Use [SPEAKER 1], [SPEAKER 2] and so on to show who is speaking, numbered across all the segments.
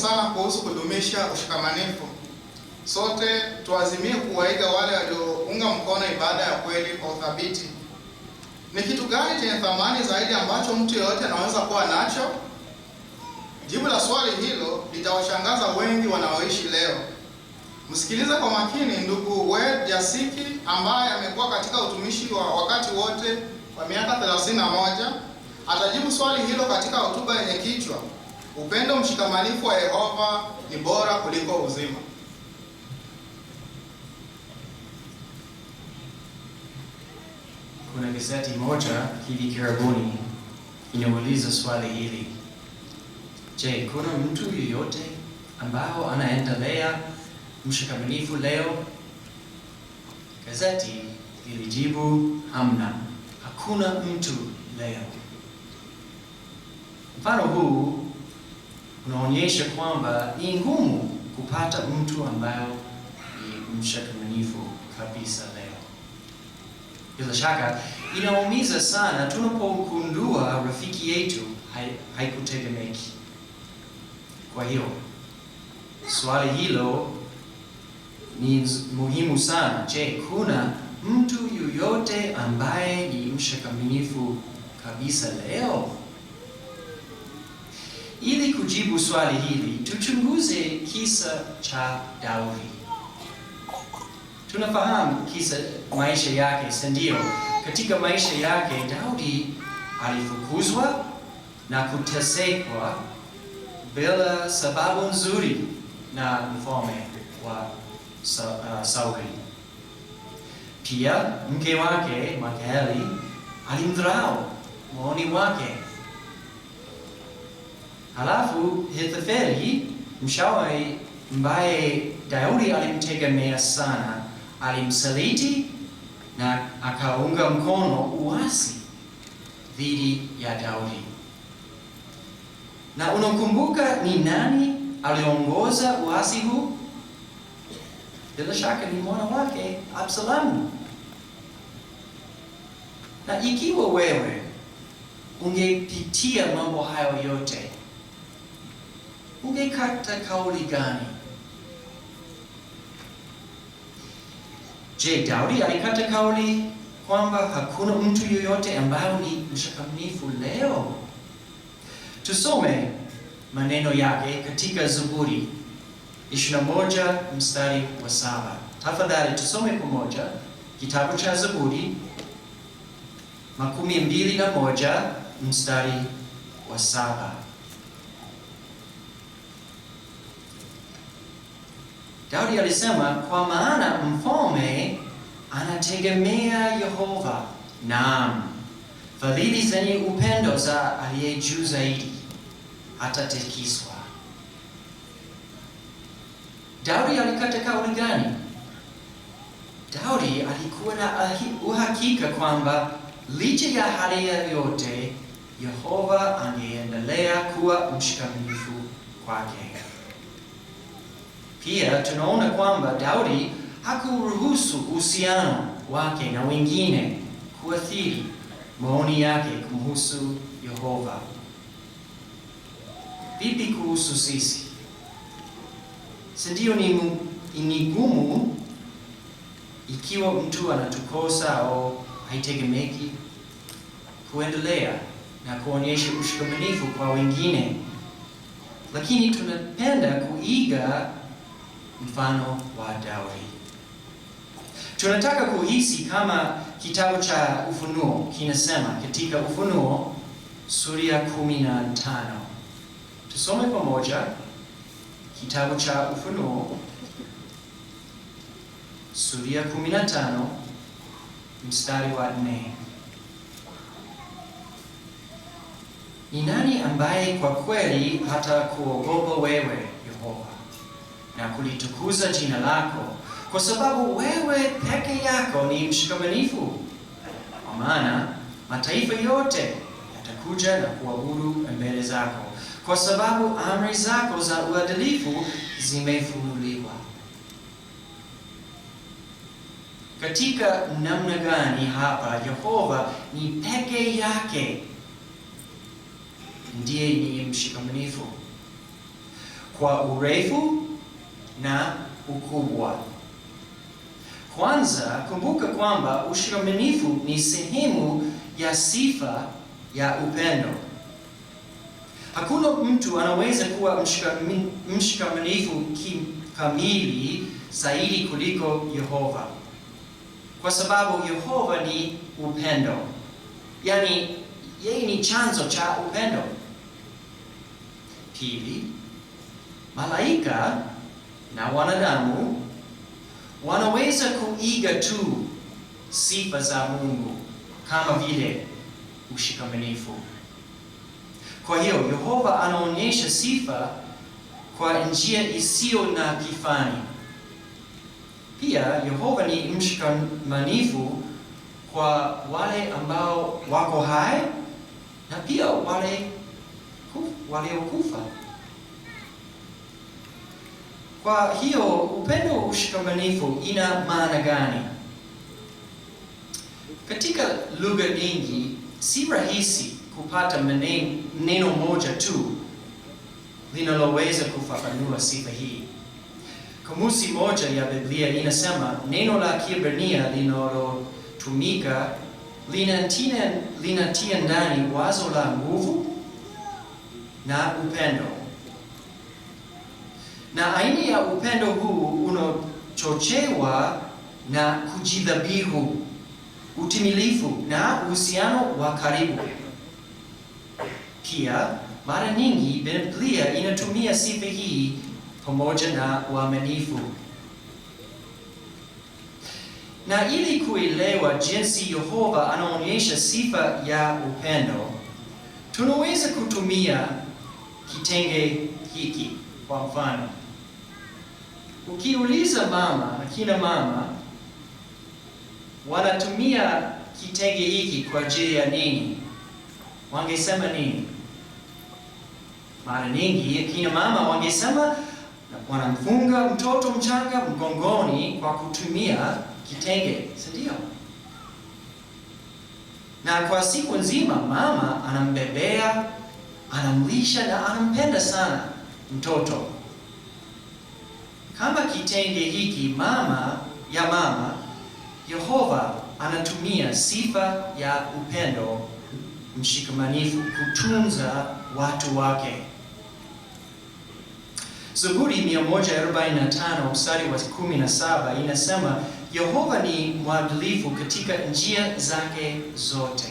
[SPEAKER 1] sana kuhusu kudumisha ushikamanifu. Sote tuazimie kuwaiga wale waliounga mkono ibada ya kweli kwa uthabiti. Ni kitu gani chenye thamani zaidi ambacho mtu yeyote anaweza kuwa nacho? Jibu la swali hilo litawashangaza wengi wanaoishi leo. Msikilize kwa makini ndugu Wed Jasiki ambaye amekuwa katika utumishi wa wakati wote kwa miaka 31 atajibu swali hilo katika hotuba yenye kichwa Upendo mshikamanifu wa Yehova ni bora kuliko uzima.
[SPEAKER 2] Kuna gazeti moja hivi karibuni inauliza swali hili: Je, kuna mtu yeyote ambao anaendelea mshikamanifu leo? Gazeti ilijibu hamna, hakuna mtu leo. Mfano huu unaonyesha kwamba ni ngumu kupata mtu ambayo ni mshakamanifu kabisa leo. Bila shaka inaumiza sana tunapogundua rafiki yetu haikutegemeki. Kwa hiyo swali hilo ni muhimu sana. Je, kuna mtu yoyote ambaye ni mshakamanifu kabisa leo? Ili kujibu swali hili, tuchunguze kisa cha Daudi. Tunafahamu kisa maisha yake, si ndio? Katika maisha yake Daudi alifukuzwa na kutesekwa bila sababu nzuri na mfalme wa uh, Sauli. Pia mke wake Makeli alimdharau maoni wake Halafu Ahithofeli mshauri ambaye Daudi alimtegemea sana alimsaliti na akaunga mkono uasi dhidi ya Daudi. Na unakumbuka ni nani aliongoza uasi huu? Bila shaka ni mwana wake absalamu Na ikiwa wewe ungepitia mambo hayo yote ugekata kauli gani? Je, Daudi alikata kauli kwamba hakuna mtu yoyote ambaye ni mshakamnifu leo? Tusome maneno yake katika Zaburi 21 mstari wa saba. Tafadhali tusome pamoja kitabu cha Zaburi makumi mbili na moja mstari wa saba. Daudi alisema kwa maana mfalme anategemea Yehova, naam, fadhili zenye upendo za aliye juu zaidi atatikiswa. Daudi alikateka kauli Daudi alikuwa na uhakika kwamba licha ya hali yote Yehova angeendelea kuwa mshikamifu kwake. Pia tunaona kwamba Daudi hakuruhusu uhusiano wake na wengine kuathiri maoni yake kumhusu Yehova. Vipi kuhusu sisi? Sindio, ni gumu ikiwa mtu anatukosa au haitegemeki kuendelea na kuonyesha ushikamanifu kwa wengine, lakini tunapenda kuiga mfano wa dawri. Tunataka kuhisi kama kitabu cha Ufunuo kinasema katika Ufunuo sura ya kumi na tano. Tusome pamoja kitabu cha Ufunuo sura ya kumi na tano mstari wa nne. Ni nani ambaye kwa kweli hata kuogopa wewe Yehova na kulitukuza jina lako, kwa sababu wewe peke yako ni mshikamanifu. Kwa maana mataifa yote yatakuja na kuabudu mbele zako, kwa sababu amri zako za uadilifu zimefunuliwa. Katika namna gani hapa Yehova ni peke yake ndiye ni mshikamanifu? Kwa urefu na ukubwa. Kwanza kumbuka kwamba ushiromanifu ni sehemu ya sifa ya upendo. Hakuna mtu anaweza kuwa mshikamanifu kamili zaidi kuliko Yehova, kwa sababu Yehova ni upendo, yaani yeye ni chanzo cha upendo. Pili, malaika na wanadamu wanaweza kuiga tu sifa za Mungu kama vile ushikamanifu. Kwa hiyo Yehova anaonyesha sifa kwa njia isiyo na kifani. Pia Yehova ni mshikamanifu kwa wale ambao wako hai na pia wale waliokufa. Kwa hiyo upendo wa ushikamanifu ina maana gani? Katika lugha nyingi si rahisi kupata neno moja tu linaloweza kufafanua sifa hii. Kamusi moja ya Biblia inasema neno la Kiebrania linalotumika linatia ndani wazo la nguvu na upendo na aina ya upendo huu unachochewa na kujidhabihu, utimilifu na uhusiano wa karibu. Pia mara nyingi Biblia inatumia sifa hii pamoja na uaminifu. Na ili kuelewa jinsi Yehova anaonyesha sifa ya upendo, tunaweza kutumia kitenge hiki kwa mfano Ukiuliza mama, akina mama wanatumia kitenge hiki kwa ajili ya nini, wangesema nini? Mara nyingi akina mama wangesema wanamfunga mtoto mchanga mgongoni kwa kutumia kitenge, si Na kwa siku nzima mama anambebea, anamlisha na anampenda sana mtoto. Kama kitenge hiki mama ya mama, Yehova anatumia sifa ya upendo mshikamanifu kutunza watu wake. Zaburi 145 mstari wa 17 inasema Yehova ni mwadilifu katika njia zake zote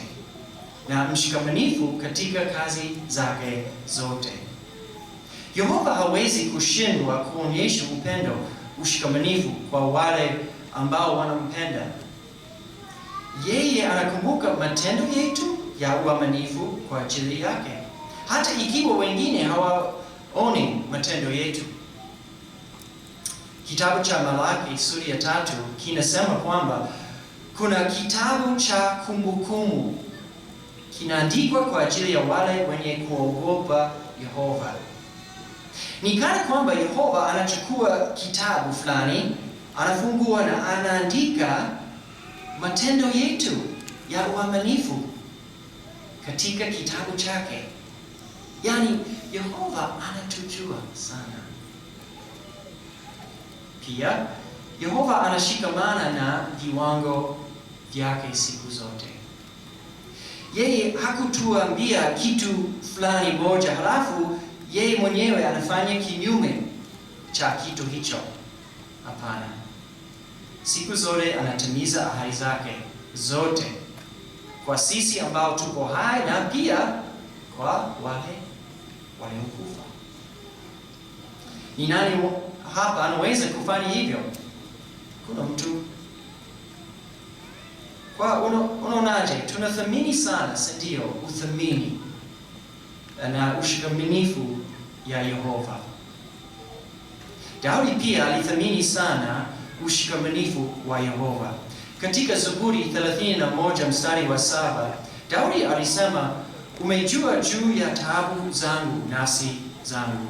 [SPEAKER 2] na mshikamanifu katika kazi zake zote. Yehova hawezi kushindwa kuonyesha upendo ushikamanifu kwa wale ambao wanampenda. Yeye anakumbuka matendo yetu ya uaminifu kwa ajili yake, hata ikiwa wengine hawaoni matendo yetu. Kitabu cha Malaki sura ya tatu kinasema kwamba kuna kitabu cha kumbukumbu kinaandikwa kwa ajili ya wale wenye kuogopa Yehova. Ni kana kwamba Yehova anachukua kitabu fulani, anafungua na anaandika matendo yetu ya uaminifu katika kitabu chake. Yaani Yehova anatujua sana. Pia Yehova anashikamana na viwango vyake siku zote. Yeye hakutuambia kitu fulani moja halafu yeye mwenyewe anafanya kinyume cha kitu hicho? Hapana, siku zote anatimiza ahadi zake zote kwa sisi ambao tuko hai na pia kwa wale waliokufa. Ni nani hapa anaweza kufanya hivyo? Kuna mtu kwa unaonaje? Tunathamini sana, si ndio? Uthamini na ushikaminifu ya Yehova. Daudi pia alithamini sana ushikaminifu wa Yehova. Katika Zaburi 31 mstari wa saba, Daudi alisema, umejua juu ya taabu zangu nasi zangu.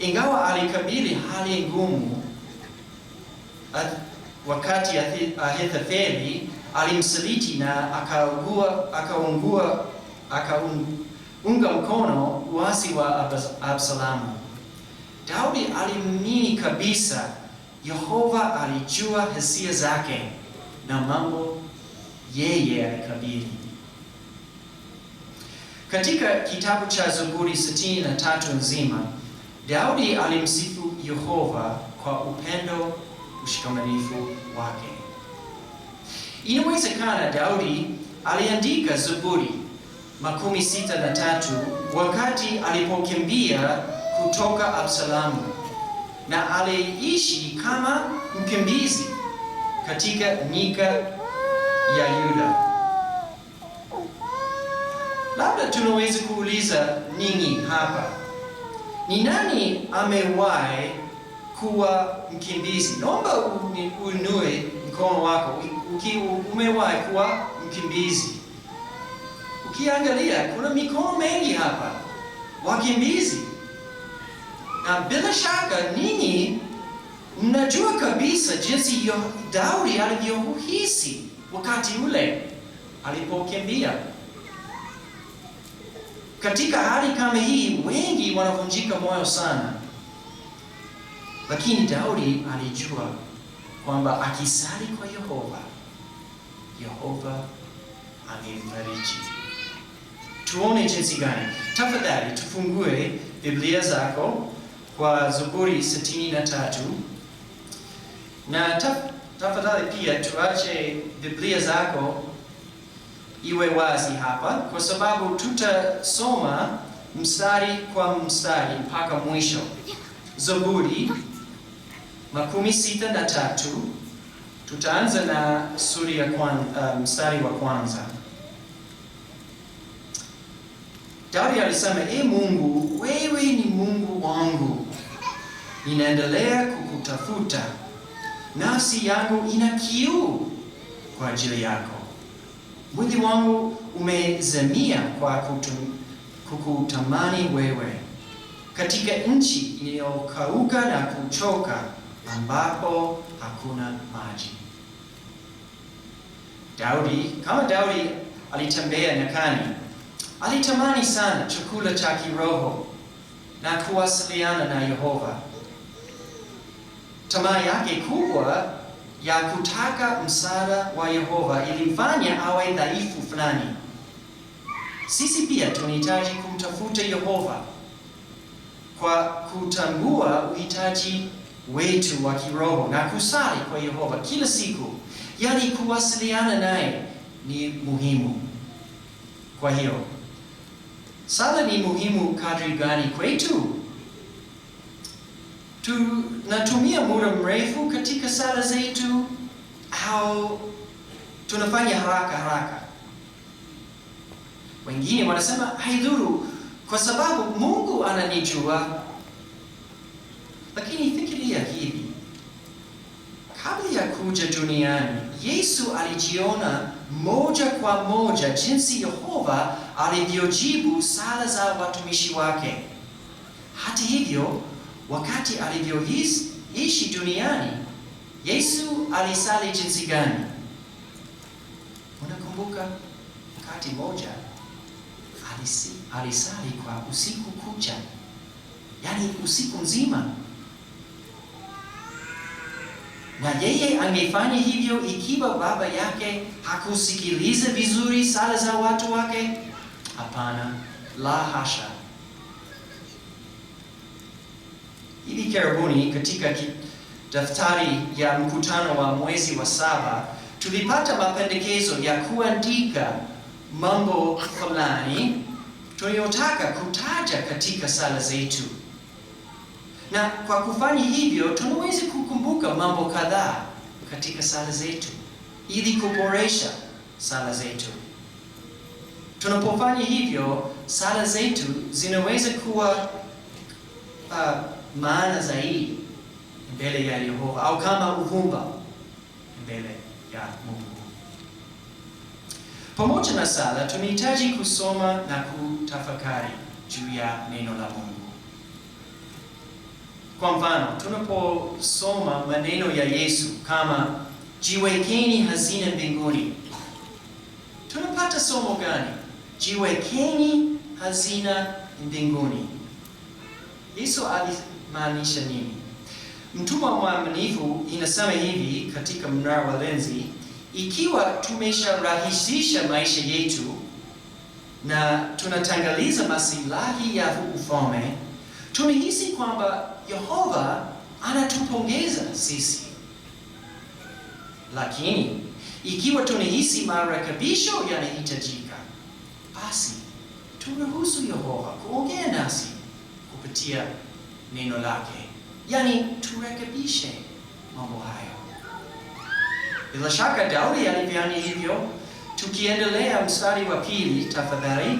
[SPEAKER 2] Ingawa alikabili hali ngumu wakati Ahithofeli alimsaliti na akaungua akaungua akaungua unga mkono uasi wa absalamu Daudi alimini kabisa Yehova alijua hisia zake na mambo yeye alikabili. Katika kitabu cha Zaburi 63 nzima, Daudi alimsifu Yehova kwa upendo ushikamanifu wake. Inawezekana Daudi aliandika Zaburi makumi sita na tatu wakati alipokimbia kutoka absalamu na aliishi kama mkimbizi katika nyika ya Yuda. Labda tunaweza kuuliza nini hapa, ni nani amewahi kuwa mkimbizi? Naomba uinue mkono wako ukiwa umewahi kuwa mkimbizi ukiangalia kuna mikono mengi hapa, wakimbizi, na bila shaka ninyi mnajua kabisa jinsi Daudi alivyohisi wakati ule alipokimbia. Katika hali kama hii, wengi wanavunjika moyo sana, lakini Daudi alijua kwamba akisali kwa Yehova, Yehova amemfariji tuone jinsi gani. Tafadhali tufungue Biblia zako kwa Zaburi 63 na taf, tafadhali pia tuache Biblia zako iwe wazi hapa, kwa sababu tutasoma mstari kwa mstari mpaka mwisho. Zaburi makumi sita na tatu tutaanza na suri ya kwanza, uh, mstari wa kwanza. Daudi alisema, e Mungu, wewe ni Mungu wangu, inaendelea kukutafuta, nafsi yangu ina kiu kwa ajili yako, mwili wangu umezamia kwa kutu, kukutamani wewe, katika nchi inayokauka na kuchoka, ambapo hakuna maji. Daudi kama Daudi alitembea nyakani Alitamani sana chakula cha kiroho na kuwasiliana na Yehova. Tamaa yake kubwa ya kutaka msaada wa Yehova ilimfanya awe dhaifu fulani. Sisi pia tunahitaji kumtafuta Yehova kwa kutambua uhitaji wetu wa kiroho na kusali kwa Yehova kila siku, yaani kuwasiliana naye ni muhimu. Kwa hiyo sala ni muhimu kadri gani kwetu? Tunatumia muda mrefu katika sala zetu au tunafanya haraka haraka? Wengine wanasema haidhuru, kwa sababu Mungu ananijua. Lakini fikiria hivi, kabla ya kuja duniani Yesu alijiona moja kwa moja jinsi Yehova alivyojibu sala za watumishi wake. Hata hivyo, wakati alivyoishi duniani, Yesu alisali jinsi gani? Unakumbuka wakati moja alisali kwa usiku kucha, yaani usiku nzima, na yeye angefanya hivyo ikiwa baba yake hakusikiliza vizuri sala za watu wake Hapana, la hasha. Hivi karibuni katika daftari ya mkutano wa mwezi wa saba tulipata mapendekezo ya kuandika mambo fulani tunayotaka kutaja katika sala zetu, na kwa kufanya hivyo tunaweza kukumbuka mambo kadhaa katika sala zetu ili kuboresha sala zetu. Tunapofanya hivyo, sala zetu zinaweza kuwa uh, maana zaidi mbele ya Yehova au kama uvumba mbele ya Mungu. Pamoja na sala, tunahitaji kusoma na kutafakari juu ya neno la Mungu. Kwa mfano, tunaposoma maneno ya Yesu kama jiwekeni hazina mbinguni, tunapata somo gani? jiwekeni hazina mbinguni. Yesu alimaanisha nini? Mtumwa mwaminifu inasema hivi katika Mnara wa Lenzi, ikiwa tumesharahisisha maisha yetu na tunatangaliza masilahi ya ufalme, tunahisi kwamba Yehova anatupongeza sisi. Lakini ikiwa tunahisi marekebisho yanahitajika basi turuhusu Yehova kuongea nasi kupitia neno lake, yaani turekebishe mambo hayo. Bila shaka Daudi alifanya hivyo. Tukiendelea mstari wa pili, tafadhali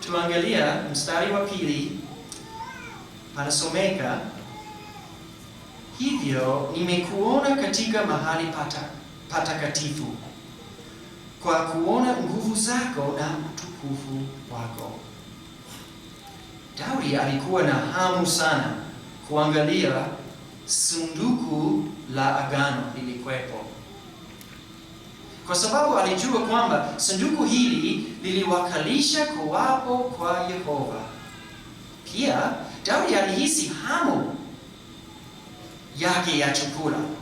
[SPEAKER 2] tuangalia mstari wa pili, panasomeka hivyo, nimekuona katika mahali patakatifu kwa kuona nguvu zako na utukufu wako. Daudi alikuwa na hamu sana kuangalia sunduku la agano lilikuwepo, kwa sababu alijua kwamba sunduku hili liliwakilisha kuwapo kwa Yehova. Pia Daudi alihisi hamu yake ya chakula